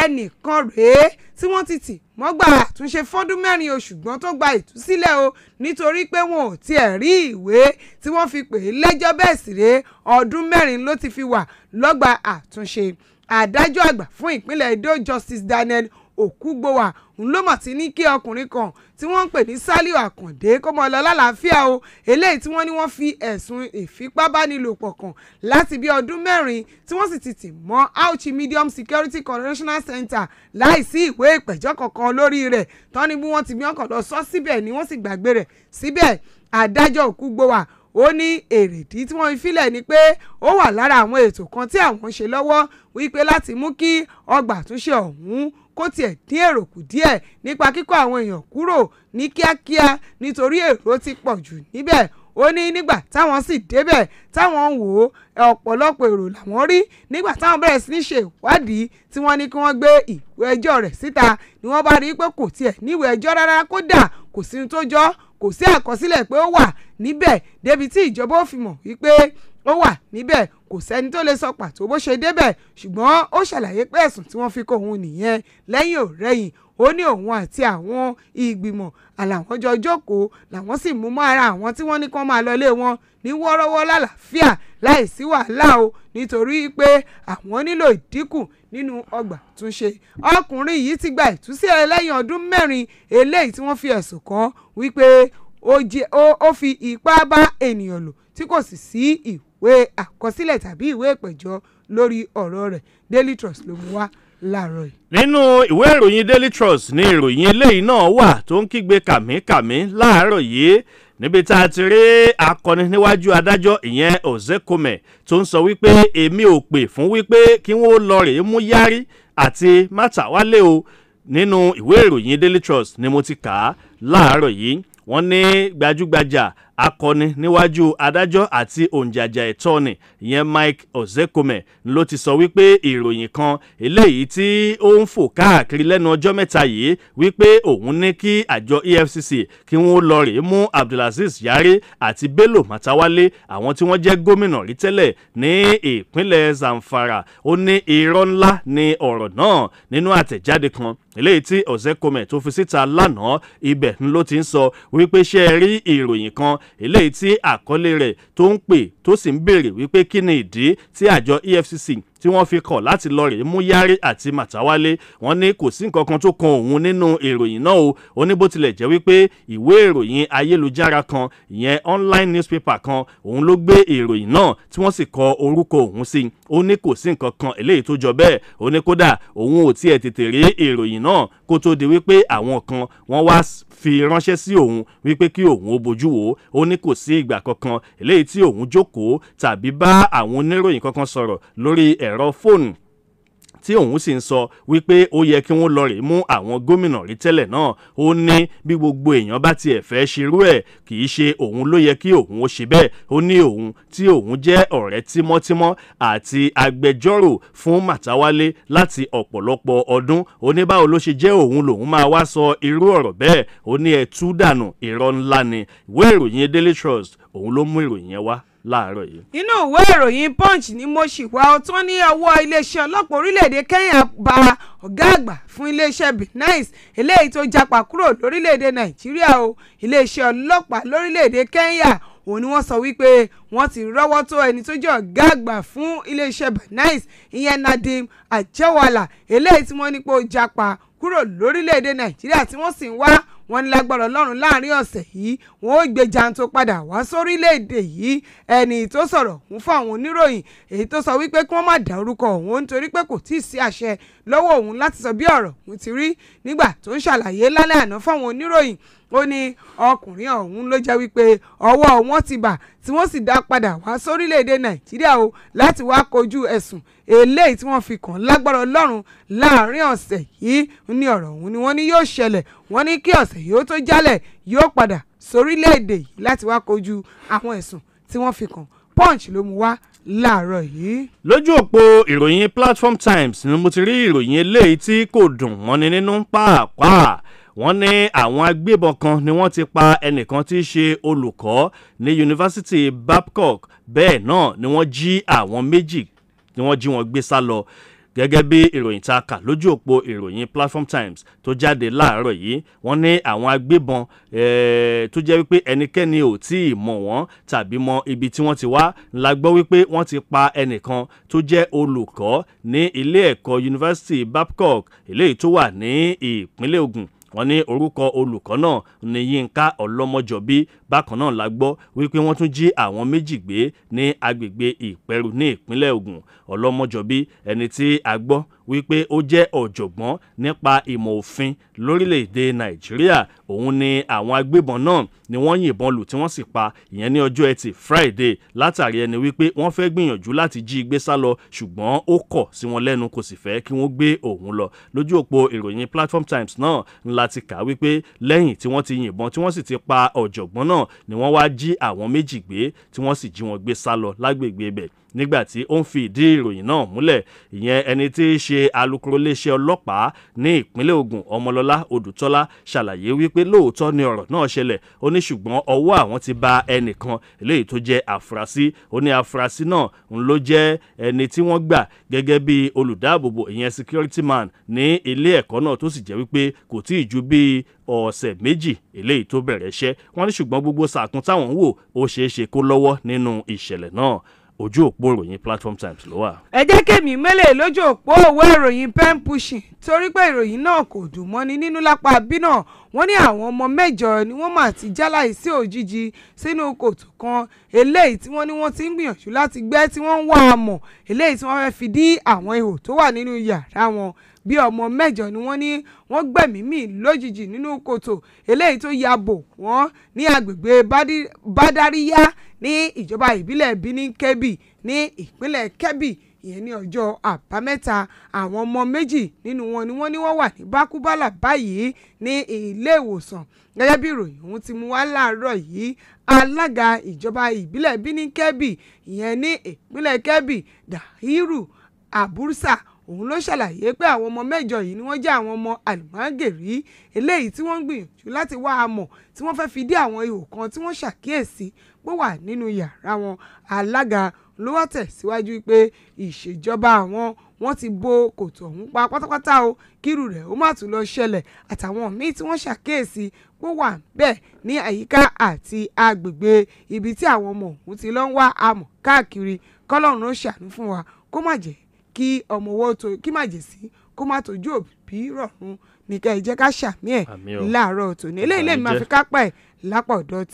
ẹnìkan rèé tí wọ́n ti tì mọ́gbà àtúnṣe fọ́dún mẹ́rin o ṣùgbọ́n tó gba ìtúsílẹ̀ o nítorí pé wọn ò tiẹ̀ rí ìwé tí wọ́n fi pè é lẹ́jọ́ bẹ́ẹ̀ sì rèé ọdún mẹ́rin ló ti fi wà lọ́gbà àtúnṣe adájọ́ àgbà fún ìpínlẹ̀ Edo Justice Daniel Okugbowa òun ló mọ̀ sí ní kí ọkùnrin kan tí wọ́n ń pè ní Sálíù Àkàndé kó mọ lọ lálàáfíà o eléyìí tí wọ́n ní wọ́n fi ẹ̀sùn ìfipábánilòpọ̀ kàn láti bí ọdún mẹ́rin tí wọ́n sì ti tì mọ́ Auchi Medium Security Correctional Center láìsí ìwé ìpẹ̀jọ́ kankan lórí rẹ̀ tán ni bí wọ́n ti gbé ọkàn lọ sọ síbẹ̀ ni wọ́n sì gbàgbé rẹ̀ síbẹ̀ adájọ́ Okugbowa ó ní èrèdí tí wọ́n fi filẹ̀ ni pé ó wà lára àwọn ètò kan tí àwọn ṣe lọ́wọ́ wípé láti mú kí ọgbà àtúnṣe ọ̀hún kó tiẹ̀ dín èrò kù díẹ̀ nípa kíkọ́ àwọn èèyàn kúrò ní kíákíá nítorí èrò ti pọ̀ jù níbẹ̀ ó ní nígbà táwọn sì débẹ̀ táwọn wò ó ọ̀pọ̀lọpọ̀ èrò làwọn rí nígbà táwọn bẹ̀rẹ̀ sí ní ṣe ìwádìí tí wọ́n ní kí wọ́n gbé ìwé ẹjọ́ rẹ̀ síta ni wọ́n bá rí i pé kò tiẹ̀ níwèé ẹjọ́ rárá kódà kò sí ní tó jọ́ kò sí àkọsílẹ̀ pé ó wà níbẹ̀ débi tí ìjọba ò fi mọ̀ wípé ó wà níbẹ̀ kò sẹ́ni tó lè sọ pàtó bó ṣe débẹ̀ ṣùgbọ́n ó ṣàlàyé pé ẹ̀sùn tí wọ́n fi kó nìyẹn lẹ́yìn ò rẹ́yìn ó ní òun àti àwọn ìgbìmọ̀ àlàwọn jọ jókòó làwọn sì mú mọ́ ara àwọn tí wọ́n ní kán máa lọ ilé wọn ní wọ́ọ́rọ́wọ́ lálàáfíà láìsí wàhálà o nítorí pé àwọn nílò ìdínkù nínú ọgbà túnṣe ọkùnrin yìí ti gba ìtúsílẹ̀ lẹ́yìn ọdún mẹ́rin eléyìí tí wọ́n fi ẹ̀sùn kàn wípé ó fi ipá bá ènìyàn lò tí kò sì sí ìwé àkọsílẹ̀ tàbí ìwé ìpẹ̀jọ́ lórí ọ̀rọ̀ rẹ̀ Daily Trust ló mú wá láàárọ̀ yìí. nínú ìwé ìròyìn Daily Trust ni ìròyìn eléyìí náà wà tó ń kígbe kàmíkàmí láàárọ̀ yìí níbi tá a ti rí akọni níwájú adájọ́ ìyẹn Ozekome tó ń sọ wípé èmi ò pè fún wípé kí wọ́n lọ rèé mú Yari àti Mátàwálé o nínú ìwé ìròyìn Daily Trust ni mo ti kà á láàárọ̀ yìí wọ́n ní gbajúgbajà akọni níwájú adájọ́ àti òǹjàjà ẹ̀tọ́ ni ìyẹn Mike Ozekome ló ti sọ wípé ìròyìn kan eléyìí tí ó ń fò káàkiri lẹ́nu ọjọ́ mẹ́ta yìí wípé òun ní kí àjọ EFCC kí wọ́n lọ rèé mú Abdulaziz Yari àti Bello Matawale àwọn tí wọ́n jẹ́ gómìnà rí tẹ́lẹ̀ ní ìpínlẹ̀ Zamfara ó ní irọ́ ńlá ni ọ̀rọ̀ náà nínú àtẹ̀jáde kan eléyìí tí Ozekome tó fi síta lánàá ibẹ̀ ló ti ń sọ wípé ṣe é rí ìròyìn kan eléyìí tí àkọlé rẹ̀ tó ń pè tó sì ń béèrè wípé kí ni ìdí tí àjọ EFCC tí wọ́n fi kọ̀ láti lọ rèé mú Yari àti Màtáwálé wọ́n ní kò sí nǹkan kan tó kan òun nínú ìròyìn náà o ó ní bó tilẹ̀ jẹ́ wípé ìwé ìròyìn ayélujára kan ìyẹn online newspaper kan òun ló gbé ìròyìn náà tí wọ́n sì kọ orúkọ òun sí ó ní kò sí nǹkan kan eléyìí tó jọ bẹ́ẹ̀ ó ní kódà òun ò tiẹ̀ tètè rí ìròyìn náà kó tó di wípé àwọn kan wọ́n wá fi ránṣẹ́ sí òun wípé kí òun ó bójú wò ó ní kò sí ìgbà kankan eléyìí tí òun jókòó tàbí bá àwọn oníròyìn kankan sọ̀rọ̀ lórí ẹ̀rọ fóònù tí òun sì ń sọ wípé ó yẹ kí wọ́n lọ rè mú àwọn gómìnà rí tẹ́lẹ̀ náà ó ní bí gbogbo èèyàn bá tiẹ̀ fẹ́ ṣerú ẹ̀ kì í ṣe òun ló yẹ kí òun ó ṣe bẹ́ẹ̀ ó ní òun tí òun jẹ́ ọ̀rẹ́ tímọ́tímọ́ àti agbẹjọ́rò fún Màtáwálé láti ọ̀pọ̀lọpọ̀ ọdún ó ní báwo ló ṣe jẹ́ òun lòun máa wá sọ irú ọ̀rọ̀ bẹ́ẹ̀ ó ní ẹ̀ tú dànù irọ́ ńlá ni ìwé ìròyìn Daily Trust láàárọ̀ yìí. inú ìwé ìròyìn punch ni mo sì wá ọ tán ní ọwọ́ iléeṣẹ́ ọlọ́pàá orílẹ̀-èdè Kenya bá ọ̀gá àgbà fún iléeṣẹ́ Binance eléyìí tó japa kúrò lórílẹ̀-èdè Nàìjíríà o iléeṣẹ́ ọlọ́pàá lórílẹ̀-èdè Kenya òun ni wọ́n sọ wípé wọ́n ti rọ́wọ́ tó ẹni tó jẹ́ ọ̀gá àgbà fún iléeṣẹ́ Binance ìyẹn Nadeem Anjarwalla eléyìí tí wọ́n ní pé ó japa kúrò lórílẹ̀-èdè Nàìjíríà tí wọ́n sì ń wá wọ́n ní lágbára ọlọ́run láàrin ọ̀sẹ̀ yìí wọ́n ó gbé janto padà wá sórílẹ̀-èdè yìí ẹni tó sọ̀rọ̀ ń fún àwọn oníròyìn èyí tó sọ wípé kí wọ́n má dá orúkọ òun nítorí pé kò tí ì sí àṣẹ lọ́wọ́ òun láti sọ bí ọ̀rọ̀ òun ti rí nígbà tó ń ṣàlàyé lálẹ́ àná fáwọn oníròyìn ó ní ọkùnrin ọ̀hún ló jẹ́ wípé ọwọ́ wọn ti bà tí wọ́n sì dá padà wá sórílẹ̀‐èdè nàìjíríà o láti wá kojú ẹ̀sùn eléyìí tí wọ́n fi kàn lágbára ọlọ́run láàrin ọ̀sẹ̀ yìí ní ọ̀rọ̀ ọ̀hún ni wọ́n ní yóò ṣẹlẹ̀ wọ́n ní kí ọ̀sẹ̀ yóò tó jálẹ̀ yóò padà sórílẹ̀-èdè yìí láti wá kojú àwọn ẹ̀sùn tí wọ́n fi kàn punch ló mú wá láàárọ̀ yìí. lójú òpó ìròyìn platform times ni mo ti rí ìròyìn eléyìí tí kò dùn mọ́ni nínú pàápàá wọ́n ní àwọn agbébọn kan ni wọ́n ti pa ẹnìkan tí í ṣe olùkọ́ ní yunifásitì Babcock bẹ́ẹ̀ náà ni wọ́n jí àwọn méjì ni wọ́n jí wọn gbé sá lọ gẹ́gẹ́ bí ìròyìn tá kà lójú òpó ìròyìn Platform Times tó jáde láàárọ̀ yìí wọ́n ní àwọn agbébọn tó jẹ́ wípé ẹnikẹ́ni ò tí ì mọ̀ wọ́n tàbí mọ ibi tí wọ́n ti wá la gbọ́ wípé wọ́n ti pa ẹnìkan tó jẹ́ olùkọ́ ní ilé ẹ̀kọ́ yunifásitì Babcock eléyìí tó wà ní ìpínlẹ̀ Ògùn wọ́n ní orúkọ olùkọ́ náà ní Yínká Ọlọ́mọjọ́bí bákan náà la gbọ́ wípé wọ́n tún jí àwọn méjì gbé ní agbègbè Ìpẹ́rù ní ìpínlẹ̀ Ogun, Ọlọ́mọjọ́bí ẹni tí a gbọ́ wípé ó jẹ́ ọ̀jọ̀gbọ́n nípa ìmọ̀ òfin lórílẹ̀‐èdè nàìjíríà òun ni àwọn agbébọn náà ni wọ́n yìnbọn lù tí wọ́n sì pa ìyẹn ní ọjọ́ ẹtì friday látàrí ẹni wípé wọ́n fẹ́ gbìyànjú láti jí i gbé sá lọ ṣùgbọ́n ó kọ̀ sí wọn lẹ́nu kò sì fẹ́ kí wọ́n gbé òun lọ lójú òpó ìròyìn platform times náà ńlá ti kà wípé lẹ́yìn tí wọ́n ti yìnbọn tí wọ́n sì ti pa ọ̀jọ̀gbọ́n náà ni wọ́n wá jí àwọn méjì gbé tí wọ́n sì jí wọn gbé sá lọ lágbègbè ibẹ̀ nígbà tí ó ń fi ìdí ìròyìn náà múlẹ̀ ìyẹn ẹni tí í ṣe alukoro iléeṣẹ́ ọlọ́pàá ní ìpínlẹ̀ Ògùn Ọmọlọ́lá Odùtọ́lá ṣàlàyé wípé lóòótọ́ ni ọ̀rọ̀ náà ṣẹlẹ̀ ó ní ṣùgbọ́n ọwọ́ àwọn ti ba ẹnìkan eléyìí tó jẹ́ àfúrásì ó ní àfúrásì náà ń ló jẹ́ ẹni tí wọ́n gbà gẹ́gẹ́ bí olùdáàbòbò ìyẹn security man ní ilé ẹ̀kọ́ náà tó sì jẹ́ wípé kò tí ì ju bíi ọ̀sẹ̀ méjì eléyìí tó bẹ̀rẹ̀ iṣẹ́ wọ́n ní ṣùgbọ́n gbogbo sàkún táwọn ń wò ó ṣeé ṣe kó lọ́wọ́ nínú ìṣẹ̀lẹ̀ náà ojú òpó ìròyìn platform times ló wà. ẹ jẹ́ kémi mélèé lójú òpó òwe ìròyìn pen pushing torí pé ìròyìn náà kò dùn mọ́ni nínú lápá bí náà wọ́n ní àwọn ọmọ mẹ́jọ ni wọ́n máa ti jáláì sí òjijì sínú kòtò kan eléyìí tí wọ́n ní wọ́n ti ń gbìyànjú láti gbẹ́ tí wọ́n ń wá amọ̀ eléyìí tí wọ́n fẹ́ fi dí àwọn ihò tó wà nínú yàrá wọn bí ọmọ mẹ́jọ ni wọ́n ní wọ́n gbẹ̀mí mì lójijì nínú kòtò eléyìí tó ya bò wọ́n ní agbègbè Bádàríyá ní ìjọba ìbílẹ̀ Benin Kebbi ní ìpínlẹ̀ Kebbi ìyẹn ní ọjọ́ àbámẹ́ta àwọn ọmọ méjì nínú wọn ni wọ́n ní wọ́n wà ní bákúbálà báyìí ní ilé ìwòsàn gẹ́gẹ́ bí ìròyìn ọ̀hún ti mú wá láàárọ̀ yìí alága ìjọba ìbílẹ̀ Benin Kebbi ìyẹn ní ìpínlẹ̀ Kebbi Dahiru Abursa òun ló ṣàlàyé pé àwọn ọmọ mẹ́jọ yìí ni wọ́n jẹ́ àwọn ọmọ àlùmágèrí eléyìí tí wọ́n ń gbìyànjú láti wá a mọ̀ tí wọ́n fẹ́ fi dí àwọn ihò kan tí wọ́n ṣàkíyèsí pó wà nínú yàrá wọn alága ló wá tẹ̀síwájú pé ìṣèjọba àwọn wọ́n ti bo kòtò ọ̀hún pa pátápátá o kírù rẹ̀ ó má tún lọ ṣẹlẹ̀ àtàwọn míì tí wọ́n ṣàkíyèsí pó wà bẹ́ẹ̀ ní àyíká àti agbègbè ibi tí àwọn ọmọ ọ̀hún ti lọ ń wá amọ̀ káàkiri kọ́lọ́run ó ṣàánú fún wa kó má jẹ́ kí ọmọ owó tó kí má jẹ́ sí kó má tójú òbí rọ̀rùn nìkẹ́ ìjẹ́ ṣàmì ẹ̀ láàárọ̀ tòní eléyìí lè máa fi kápá ẹ̀ lápá